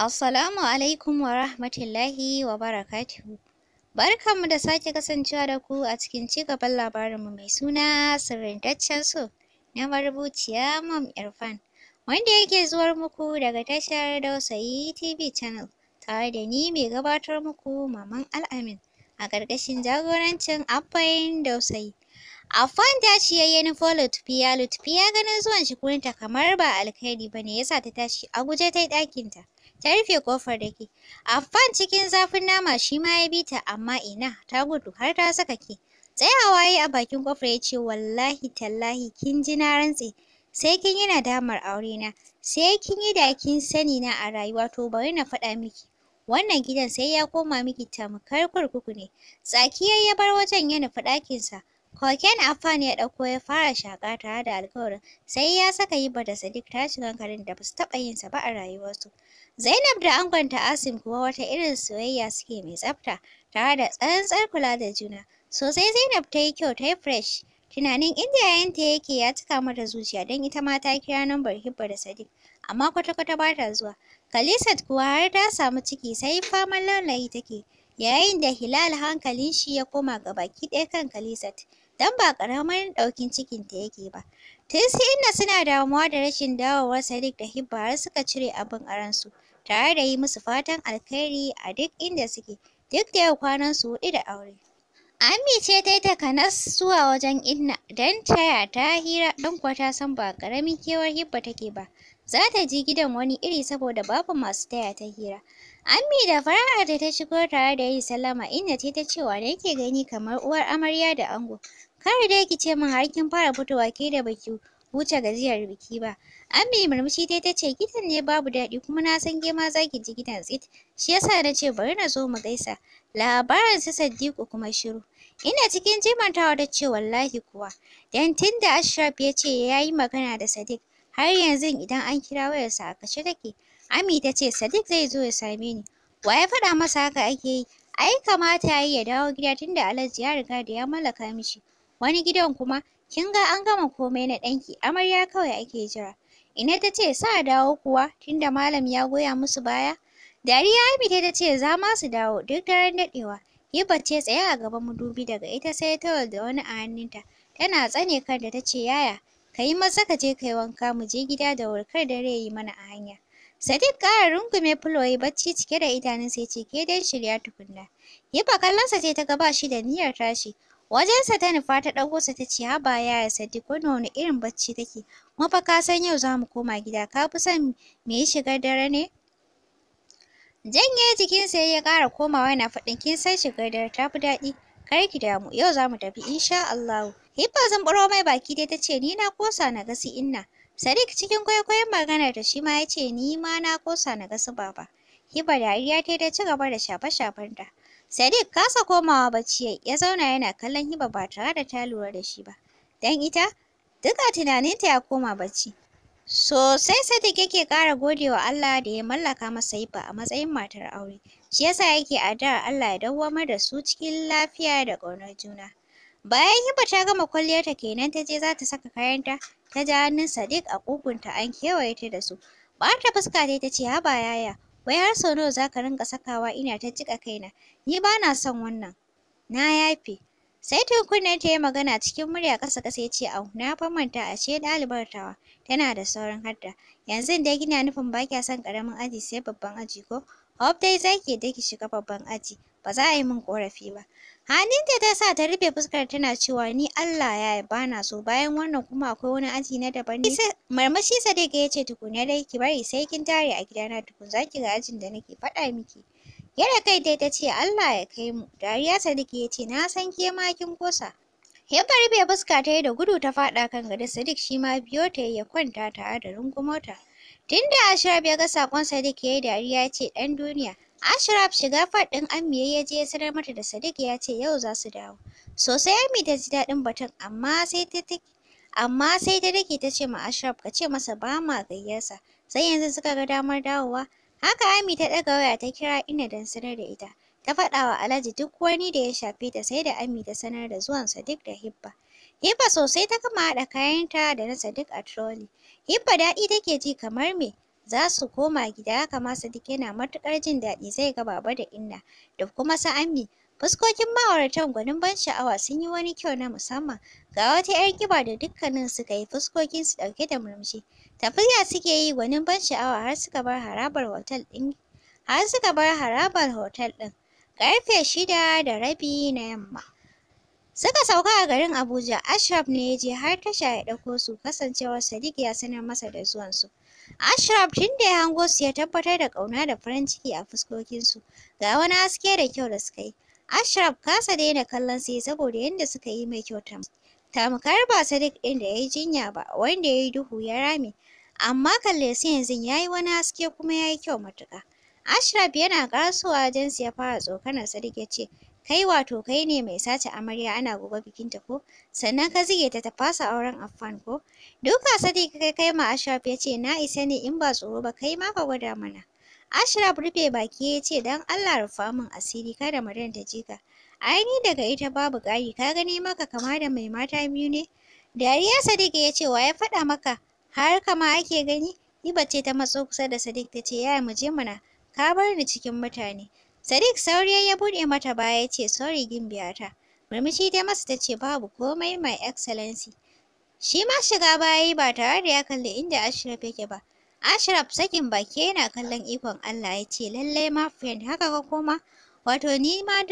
Assalamu alaikum wa rahmatullahi wa barakatuhu. Barkanmu da sake kasancewa da ku a cikin cigaban labarinmu mai suna sirrintaccen so na marubuciya Mam Irfan, wanda yake zuwar muku daga tashar Dausayi TV Channel tare da ni mai gabatar muku Maman Al'amin a ƙarƙashin jagorancin Abbayin Dausayi. Affan ta ce ya nufo Lutfiya, Lutfiya ganin zuwan shi kunta kamar ba alkhairi ba ne ya sa ta tashi a guje ta yi ɗakinta. ta rufe ƙofar da ke. fan cikin zafin nama shi ma ya bi ta amma ina ta gudu har ta saka ke. Tsayawa ya yi a bakin kofar ya ce wallahi tallahi kin ji na rantse sai kin yi nadamar na? sai kin yi da kin sani na a rayuwa to bari na faɗa miki. Wannan gidan sai ya koma miki tamkar kurkuku ne. Tsaki ya bar wajen ya nufi Hoken afan ya ɗauko ya fara shaƙa tare da alkawarin sai ya saka Hibba da Sadiq tashin hankalin da ba taɓa yin sa ba a rayuwarsu. Zainab da angonta Asim kuwa wata irin soyayya suke mai tsafta tare da tsantsar kula da juna. Sosai Zainab ta yi kyau ta yi fresh. Tunanin inda yayanta yake ya cika mata zuciya don ita ma ta kira nambar Hibba da Sadiq amma kwata-kwata ba ta zuwa. Khalisat kuwa har ta samu ciki sai faman lallai take yayin da Hilal hankalin shi ya koma ga baki ɗaya kan Khalisat. don ba ƙaramin ɗaukin cikinta yake ba. Tun sai inna suna damuwa da rashin dawowar Sadiq da Hibba har suka cire abin aransu, tare da yi musu fatan alkhairi a duk inda suke, duk da yau su huɗu da aure. Ami ce ta yi takanas zuwa wajen inna don taya ta hira don kuwa ta san ba ƙaramin kewar Hibba take ba. Za ta je gidan wani iri saboda babu masu taya ta hira. Ammi da fara'a da ta shigo tare da yi sallama inda ta ta cewa da yake gani kamar uwar amarya da ango. Kar dai ki ce min har kin fara fitowa ke da baki wuce gajiyar biki ba. Ammi murmushi ta ta ce gidan ne babu daɗi kuma na san ke ma za ji gidan tsit. Shi yasa na ce bari na zo mu gaisa. Labarin su Sadiku kuma shiru. Ina cikin jimantawa ta ce wallahi kuwa. Dan da Ashraf ya ce ya yi magana da Sadiq har yanzu idan an kira wayarsa a kashe take. Ami ta ce Sadiq zai zo ya same ni. Wa ya faɗa masa haka ake yi? Ai kamata yayi ya dawo gida tunda Alhaji ya riga da ya mallaka mishi. Wani gidan kuma kin ga an gama komai na ɗanki amarya kawai ake jira. Ina ta ce sa dawo kuwa tunda malam ya goya musu baya. Dariya Ami ta ce za ma su dawo duk daren daɗewa. Hibba ce tsaya a gaban madubi daga ita sai tawar da wani a hannunta. Tana tsane kanta ta ce yaya ka yi maza ka je ka wanka mu je gida da wurkar dare ya yi mana a hanya. Sadiq ƙara rungume fuloyi bacci cike da idanunsa ya ce ke dai shirya tukunna. Yifa kallonsa ce ta gaba shi da niyyar tashi. Wajensa ta nufa ta ɗago sa ta ce ha ba ya Sadiq wannan wani irin bacci take. Kuma fa ka san yau za mu koma gida ka fi son me yi shigar dare ne? Janye jikinsa ya ƙara komawa yana faɗin kin san shigar dare ta fi daɗi. Kar ki damu yau za mu tafi insha Allahu. Hibba zan ɓaro mai baki dai ta ce ni na kosa na gasi inna. Sadiq cikin kwaikwayon magana da shi ma ya ce ni ma na kosa na gasu, su baba. Hiba dariya ta da ci gaba da shafe-shafen ta. Sadiq kasa komawa bacci ya zauna yana kallon Hiba ba tare da ta lura da shi ba. Dan ita duka tunaninta ya koma bacci. Sosai Sadiq yake ƙara godewa Allah da ya mallaka masa Hiba a matsayin matar aure. Shi yasa yake addu'ar Allah ya dawwamar da su cikin lafiya da ƙaunar juna. Bayan Hiba ta gama kwalliyarta kenan ta je za ta saka kayanta, ta ja hannun Sadiq a ƙugunta an kewaye ta da su. ta fuska dai ta ce haba yaya, wai har sau nawa za ka rinka sakawa ina ta jika kaina, ni ba na son wannan. Na yafe. Sai kunnen ta yi magana cikin murya ƙasa ƙasa ya ce au na fa manta ce ɗalibar tawa tana da sauran hadda. Yanzu dai gina nufin ba kya son ƙaramin aji sai babban aji ko? Hope dai za ki shiga babban aji, ba za a yi min ƙorafi ba. Hannunta ta sa ta rufe fuskar tana cewa ni Allah ya yi bana so bayan wannan kuma akwai wani aji na daban ne. Marmashi Sadiq ya ce tukunna dai ki bari sai kin tare a gidana tukun za ki ga ajin da nake faɗa miki. yara kai dai ta ce Allah ya kai mu. Dariya Sadiq ya ce na san ke ma kin kosa. Ya rufe fuska ta yi da gudu ta faɗa kan gado Sadiq shi ma biyo ta ya kwanta tare da rungumota. Tun a Ashraf ya ga saƙon Sadiq ya yi dariya ya ce ɗan duniya. Ashraf shiga fat ɗin Ammi ya je ya sanar mata da Sadiq ya ce yau za su dawo. Sosai Ammi ta ji daɗin batun amma sai ta amma sai ta dake ta ce ma Ashraf ka ce masa ba ma gayyarsa. Sai yanzu suka ga damar dawowa. Haka Ami ta ɗaga waya ta kira Ina don sanar da ita. Ta faɗa wa Alhaji duk wani da ya shafe ta sai da Ami ta sanar da zuwan Sadiq da Hibba. Hibba sosai ta kama haɗa kayanta da na Sadiq a trolley. Hibba daɗi take ji kamar me za su koma gida haka ma Sadiq yana matuƙar jin daɗi zai ga baba da inna da kuma sa Ammi fuskokin ma'auratan gwanin ban sha'awa sun yi wani kyau na musamman ga wata 'yar ƙiba da dukkanin suka yi fuskokin su ɗauke da murmushi tafiya suke yi gwanin ban sha'awa har suka bar harabar hotel ɗin har suka bar harabar hotel ɗin ƙarfe shida da rabi na yamma Suka sauka a garin Abuja, Ashraf ne ya je har tasha ya ɗauko su kasancewar Sadiq ya sanar masa da zuwansu. Ashraf tun da ya hango su ya tabbatar da ƙauna da farin ciki a fuskokinsu, ga wani haske da kyau da suka yi. Ashraf kasa daina kallon sai saboda yadda suka yi mai kyau ta tamkar ba Sadiq ɗin da ya yi jinya ba, wanda ya yi duhu ya rame. Amma kalle su yanzu ya yi wani haske kuma ya yi kyau matuƙa. Ashraf yana ƙarasowa su ya fara tsokanar Sadiq ya ce, Kai wato kai ne mai sace amarya ana gobe bikinta ko? Sannan ka zige ta ta fasa auren Affan ko? Duka Sadiq ka kai ma Ashraf ya ce na isa ne in ba tsoro ba kai ma ka gwada mana. Ashraf rufe baki ya ce don Allah rufa min asiri kada Maryam ta ji ka. Ai ni daga ita babu ƙari ka gani maka kama da mai mata biyu ne? Dariya Sadiq ya ce wa ya faɗa maka har kama ake gani? Iba ce ta matso kusa da Sadiq ta ce yaya mu je mana ka bar ni cikin mutane. Sadiq sauri ya buɗe mata baya ya ce sorry ta. Murmushi dai masa ta ce babu komai my excellency. Shi ma shiga baya ba tare da ya kalli inda Ashraf yake ba. Ashraf sakin baki yana kallon ikon Allah ya ce lallai ma friend haka ka koma wato ni ma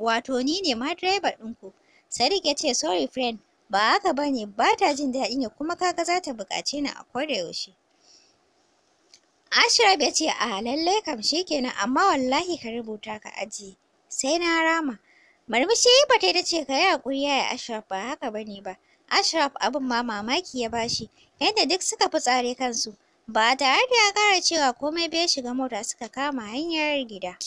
wato ni ne ma driver ɗinku. Sadiq ya ce sorry friend ba haka bane ba ta jin daɗi ne kuma kaga za ta buƙace ni a koda yaushe. Ashraf ya ce a lallai kam kenan amma wallahi ka rubuta ka ajiye sai na rama. Marmishi ba ta ce ka yi haƙuri ya Ashraf ba haka ba ne ba. Ashraf abin ma mamaki ya bashi yadda duk suka fi tsare kansu ba tare da ya kara cewa komai bai shiga mota suka kama hanyar gida.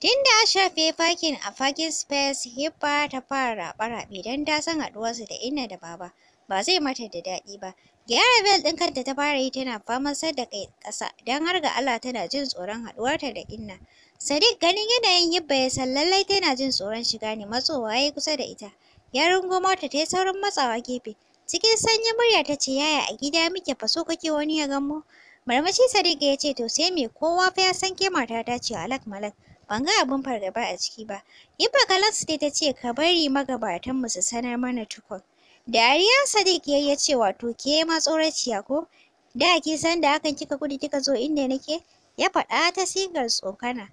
tinda Ashraf ya fakin a fakin space Hibba ta fara raɓe-raɓe don ta san haɗuwarsu da Inna da Baba ba zai mata da daɗi ba Gyara bel ɗin kanta ta fara yi tana sar da kai ƙasa don har ga Allah tana jin tsoron haɗuwarta da Inna. Sadiq ganin yanayin Hibba ya san lallai tana jin tsoron shiga ne matsowa ya yi kusa da ita. Ya rungo mota ta yi saurin matsawa gefe. Cikin sanyin murya ta ce yaya a gida muke faso kake wani ya gan mu. Marmashi Sadiq ya ce to sai me kowa fa ya san ke mata ta ce alak malak. Ban ga abin fargaba a ciki ba. Hibba kalansu ta ce ka bari mu su sanar mana tukun. Dariya Sadiq ya ya ce wato ke ma tsoraciya ko? Da ki san da hakan kika gudu kika zo inda nake? Ya faɗa ta sigar tsokana.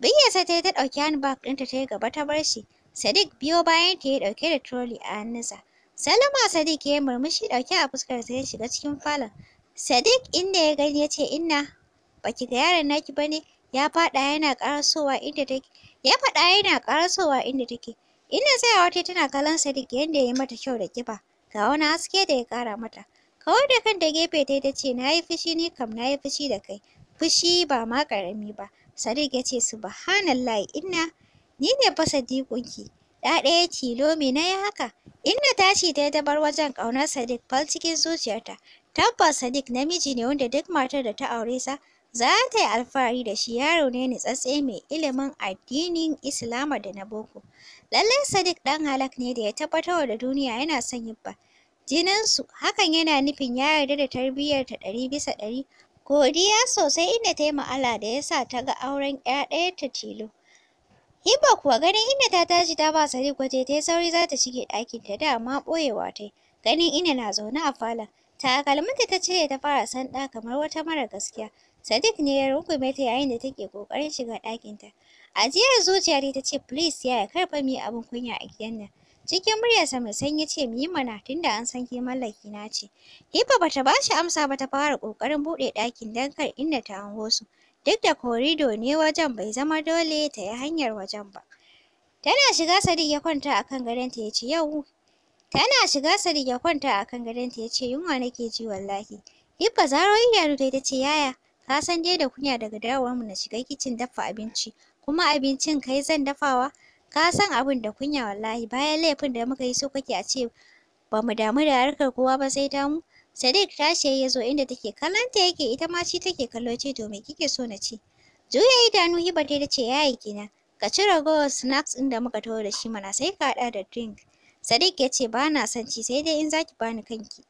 Binyarsa ta yi ta ɗauki handbag ɗinta ta yi gaba ta bar shi. Sadiq biyo bayan ta ya ɗauke da trolley a hannunsa. Salama Sadiq ya yi murmushi ɗauke a fuskar fuskarsa ya shiga cikin falon. Sadiq inda ya gani ya ce inna baki ga yaron naki bane ya faɗa yana ƙarasowa inda take. Ya faɗa yana ƙarasowa inda take. Ina sai wata tana kallon Sadiq yadda ya yi mata kyau da kiba, ga wani haske da ya kara mata. Kawar da kanta gefe ta ta ce na yi fushi ni kam na yi fushi da kai, fushi ba ma ƙarami ba. Sadiq ya ce subhanallah inna ni ne fa Sadiqunki, ɗa ɗaya tilo me na yi haka? Inna tashi ta ta bar wajen ƙaunar Sadiq fal cikin zuciyarta. Tabbas Sadiq namiji ne wanda duk matar da ta aure sa za ta yi alfahari da shi yaro ne tsatse mai ilimin addinin Islama da na boko. Lallai Sadiq ɗan halak ne da ya tabbatar da duniya yana son Jinan su hakan yana nufin ya yarda da tarbiyyarta ɗari bisa ɗari. Godiya sosai inda ta yi ma'ala da ya sa ta ga auren ‘ya ta tilo. Hibba kuwa ganin inda ta tashi ta ba Sadiq waje ta yi sauri za ta shige ta da ma ɓoyewa ta yi. Ganin inda na zaune a falon. Takalminta ta cire ta fara sanda kamar wata mara gaskiya. Sadiq ne ya rungume ta yayin da take ƙoƙarin shiga ɗakinta. Ajiyar zuciya dai ta ce please yaya karfa fa mu yi abin kunya a gidan nan. Cikin muryarsa mai sanyi ce mu yi mana tunda an san ke mallaki na ce. Hiba bata ba shi amsa ba ta fara kokarin buɗe ɗakin dankar inda ta hango su. Duk da korido ne wajen bai zama dole ta yi hanyar wajen ba. Tana shiga Sadiq ya kwanta akan gadonta yau Tana shiga Sadiq ya kwanta akan gadonta ya ce yunwa nake ji wallahi. Hiba zaro yaro ta ce yaya ka san dai da kunya daga dawowar mu na shiga kicin dafa abinci kuma abincin kai zan dafawa ka san abin da kunya wallahi bayan laifin da muka yi so kake a ce ba mu damu da harkar kowa ba sai ta mu Sadiq tashi ya zo inda take kallonta yake ita ma ci take kallo ce to me kike so na ci Juya idanu Hiba ta ce ya kina ka ci ragowar snacks ɗin da muka taho da shi mana sai ka haɗa da drink Sadiq ya ce ba na son ci sai dai in za ki bani kanki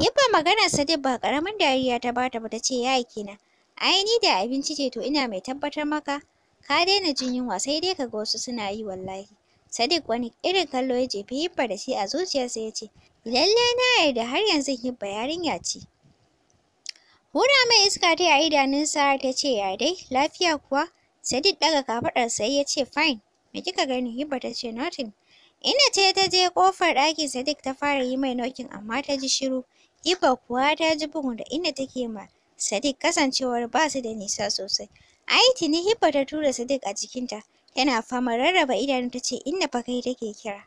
Hibba maganar Sadiq ba karamin dariya ta bata ba ta ce ya kina ai da abinci ce to ina mai tabbatar maka Ka daina jin yunwa sai dai kaga wasu suna yi wallahi. Sadiq wani irin kallo ya jefi Hibba da shi a zuciyarsa ya ce, Lalle na yarda har yanzu Hibba yarinya ce. Hura mai iska ta a idanunsa ta ce, Ya dai, lafiya kuwa? Sadiq ɗaga sai ya ce, Fine. Me kika gani? Hibba ta ce, Nothing. Ina ce ta je ƙofar ɗakin Sadiq ta fara yi mai nokin amma ta ji shiru. Hibba kuwa ta ji bugun da inda take ma Sadiq kasancewar ba su da nisa sosai. Ai ne Hibba ta tura Sadiq a jikinta, yana fama rarraba idanun ta ce inna fa kai take kira.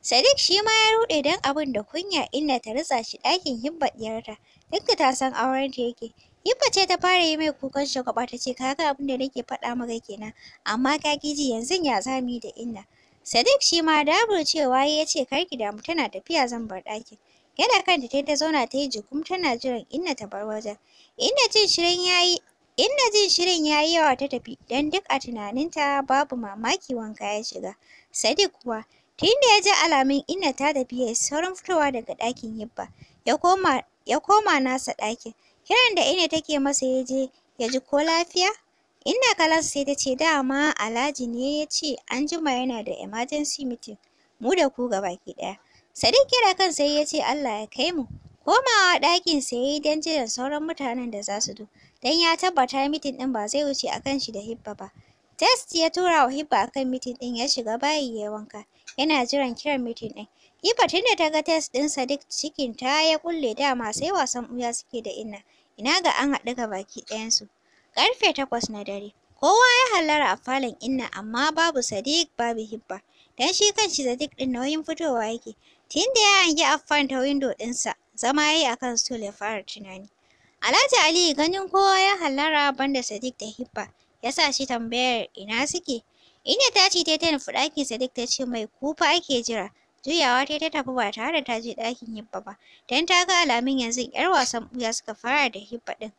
Sadiq shi ma ya rude don abin da kunya inna ta ritsa shi ɗakin Hibba ɗiyarta, duk da ta san aurenta yake. Hibba ce ta fara yi mai kukan shagwaɓa ta ce ka abin da nake faɗa maka kenan, amma ka ƙi yanzu ya zami da inna. Sadiq shi ma cewa ya ce kar ki damu tana tafiya zan bar ɗakin. Yana kanta ta ta zauna ta yi jigum tana jiran inna ta bar wajen. Inna jin shirin ya yi Inna jin shirin ya yi yawa ta tafi, don duk a tunaninta babu mamaki wanka ya shiga. Sadiq kuwa, tun da ya ji alamun Inna ta tafi ya yi saurin fitowa daga ɗakin Hibba, ya koma, nasa ɗakin. Kiran da Inna take masa ya je, ya ji ko lafiya? Inna kalas sai ta ce dama Alhaji ne ya ce an jima yana da emergency meeting, mu da ku gabaki ɗaya. Sadiq kira sai ya ce Allah ya kai mu. Komawa ɗakin sai ya yi don jiran sauran mutanen da za su zo. don ya tabbata mitin ɗin ba zai wuce a kan shi da Hibba ba. Test ya tura wa Hibba akan mitin ɗin ya shiga bayi ya wanka, yana jiran kiran mitin ɗin. Hibba tunda ta ga test ɗin cikin ta ya kulle, dama sai wasan uya suke da Inna, ina ga an haɗu ga baki ɗayansu. karfe takwas na dare, kowa ya hallara a falon Inna amma babu Sadiq babu Hibba, Dan shi kan shi Sadiq ɗin nauyin fitowa yake. Tinda ya hangi Affan ta windo ɗinsa, zama ya yi a stool ya fara tunani. Alhaji Ali ganin kowa ya hallara banda Sadiq da Hibba ya sa shi tambayar ina suke. Ina ta ce ta nufi ɗakin Sadiq ta ce mai kufa ake jira. Juyawa ta ta tafi ba tare ta je ɗakin Hibba ba, dan ta ga alamun yanzu 'yar wasan ɓuya suka fara da Hibba ɗin.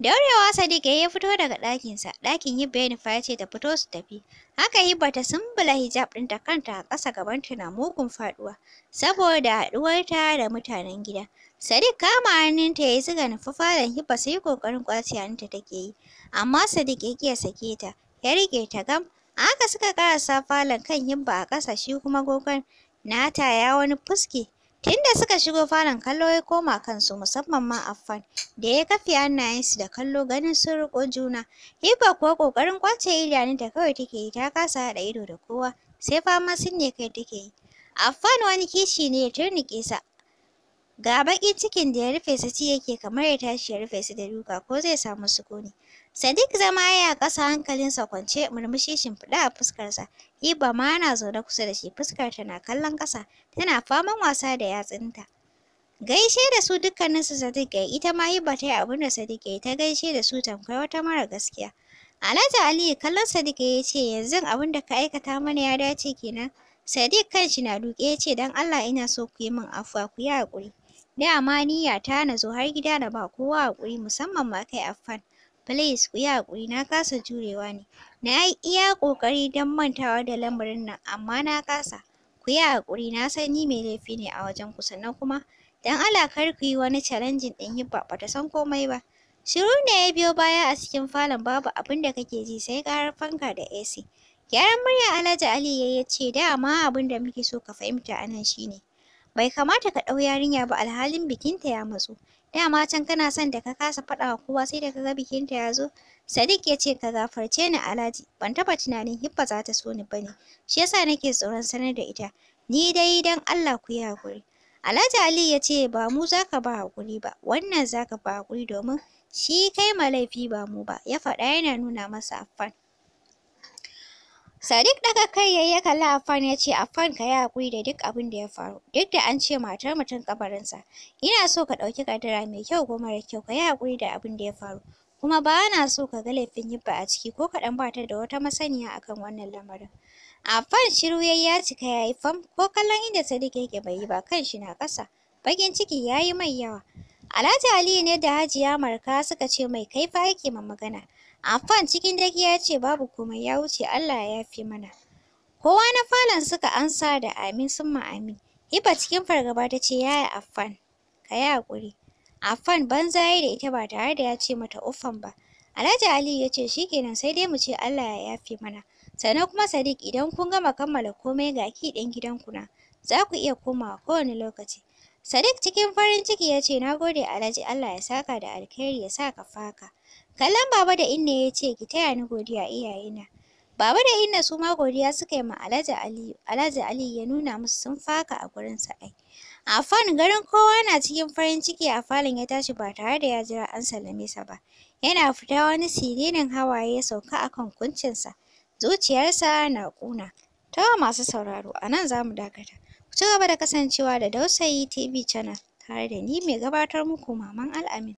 Daurewa Sadiq eh ya fito daga ɗakinsa, ɗakin yi ya nufa ya ce ta fito su tafi. Haka Hibba ta sumbula hijab ɗinta kanta a ƙasa ta na mugun faɗuwa, saboda haɗuwarta da mutanen gida. Sadiq kama hannunta ya yi zuga nufi falon Hibba sai ƙoƙarin ƙwace hannunta take yi, amma Sadiq ya ƙi sake ta, ya riƙe ta gam. haka suka ƙarasa falon kan Hibba a ƙasa shi kuma gogon nata ya wani fuske. Tunda suka shigo falon kallo ya koma kansu musamman ma Affan da ya kafe hannayensu da kallo ganin sun riƙo juna. Hibba kuwa ƙoƙarin ƙwace idanunta kawai take yi ta kasa haɗa ido da kowa sai fama ne kai take yi. Affan wani kishi ne ya turnuƙe sa. Ga baƙin cikin da ya rufe su ci yake kamar ya tashi ya rufe su da duka ko zai samu sukuni. Sadiq zama ya ƙasa hankalinsa kwance murmushi shimfiɗa a fuskarsa. Hiba ma na zaune kusa da shi fuskar na kallon ƙasa tana faman wasa da yatsunta. Gaishe da su su Sadiq ya ita ma Hiba ta yi abin da Sadiq ya ta gaishe da su tamkar wata mara gaskiya. Alhaji Aliyu kallon Sadiq ya ce yanzu abin da ka aikata mana ya dace kenan. Sadiq kanshi na duƙe ya ce don Allah ina so ku yi min afuwa ku yi haƙuri. ma niyyata na zo har gida na ba kowa haƙuri musamman ma kai Affan. Please ku yi haƙuri na kasa jurewa ne. Na yi iya ƙoƙari don mantawa da lamarin nan amma na kasa. Ku yi haƙuri na san ni mai laifi ne a wajen ku sannan kuma don Allah kar ku yi wani challenging ɗin yi, ba ta san komai ba. Shiru ne ya biyo baya a cikin falon babu abin da kake ji sai ƙarar fanka da AC. Gyaran murya Alhaji Ali ya ya ce da dama abin da muke so ka fahimta a nan shi ne. Bai kamata ka ɗau yarinya ba alhalin bikinta ya matsu. Dama can kana son da ka kasa faɗa wa kowa sai da ka ga bikin ta ya zo. Sadiq ya ce ka gafarce ni Alhaji, ban taɓa tunanin Hibba za ta so ni ba ne, shi yasa nake tsoron sanar da ita. Ni dai dan Allah ku yi haƙuri. Alhaji Ali ya ce ba mu za ka ba haƙuri ba, wannan za ka ba haƙuri domin shi kai ma laifi ba mu ba, ya faɗa yana nuna masa afan. Sadiq daga kai yayi kalla kalli Affan ya ce afan ka yi haƙuri da duk abin da ya faru duk da an ce matar mutum kabarinsa ina so ka ɗauki kadara mai kyau ko mara kyau ka yi haƙuri da abin da ya faru kuma ba na so ka ga laifin yibba a ciki ko kaɗan ba ta da wata masaniya akan wannan lamarin. afan shiru ya ya cika ya yi fam ko kallon inda Sadiq yake bai yi ba kan shi na ƙasa Bakin ciki ya yi mai yawa. Alhaji Aliyu ne da Hajiya Marka suka ce mai kaifa yake ma magana. Affan cikin daki ya ce babu komai ya wuce Allah ya yafe mana. Kowa na falon suka ansa da amin ma amin. Hiba cikin fargaba ta ce yaya Affan ka yi haƙuri. Affan banza ya da ita ba tare da ya ce mata uffan ba. Alhaji Aliyu ya ce shikenan sai dai mu ce Allah ya yafe mana. Sannan kuma Sadiq idan kun gama kammala komai ga ki ɗin gidanku na za ku iya komawa kowane lokaci. Sadiq cikin farin ciki ya ce, Na gode Alhaji Allah ya saka da alkhairi ya sa ka faka. Kallon Baba da Inna ya ce, Ki taya ni godiya iyayena. Baba da Inna su ma godiya suka yi ma Alhaji Aliyu Alhaji Ali ya nuna musu sun faka a gurin sa ai. Afan garin kowa na cikin farin ciki a falon ya tashi ba tare da ya jira an sallame sa ba. Yana fita wani sirinin hawaye ya sauka akan kuncinsa. Zuciyarsa na ƙuna. Ta masu sauraro, a nan za mu dakata. ci gaba da kasancewa da Dausayi TV Channel tare da ni mai gabatar muku Maman Al'amin.